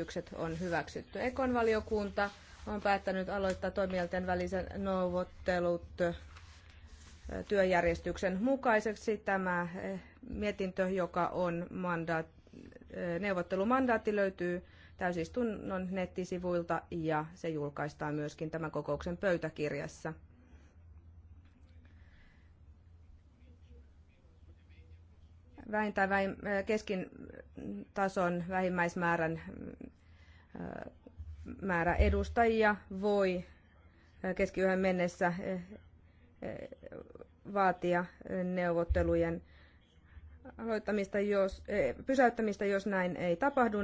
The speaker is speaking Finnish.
esitykset on hyväksytty. Ekon valiokunta on päättänyt aloittaa toimielten välisen neuvottelut työjärjestyksen mukaiseksi. Tämä mietintö, joka on mandaat, neuvottelumandaatti, löytyy täysistunnon nettisivuilta ja se julkaistaan myöskin tämän kokouksen pöytäkirjassa. vähintään keskin tason vähimmäismäärän määrä edustajia voi keskiyhden mennessä vaatia neuvottelujen aloittamista, jos, pysäyttämistä, jos näin ei tapahdu.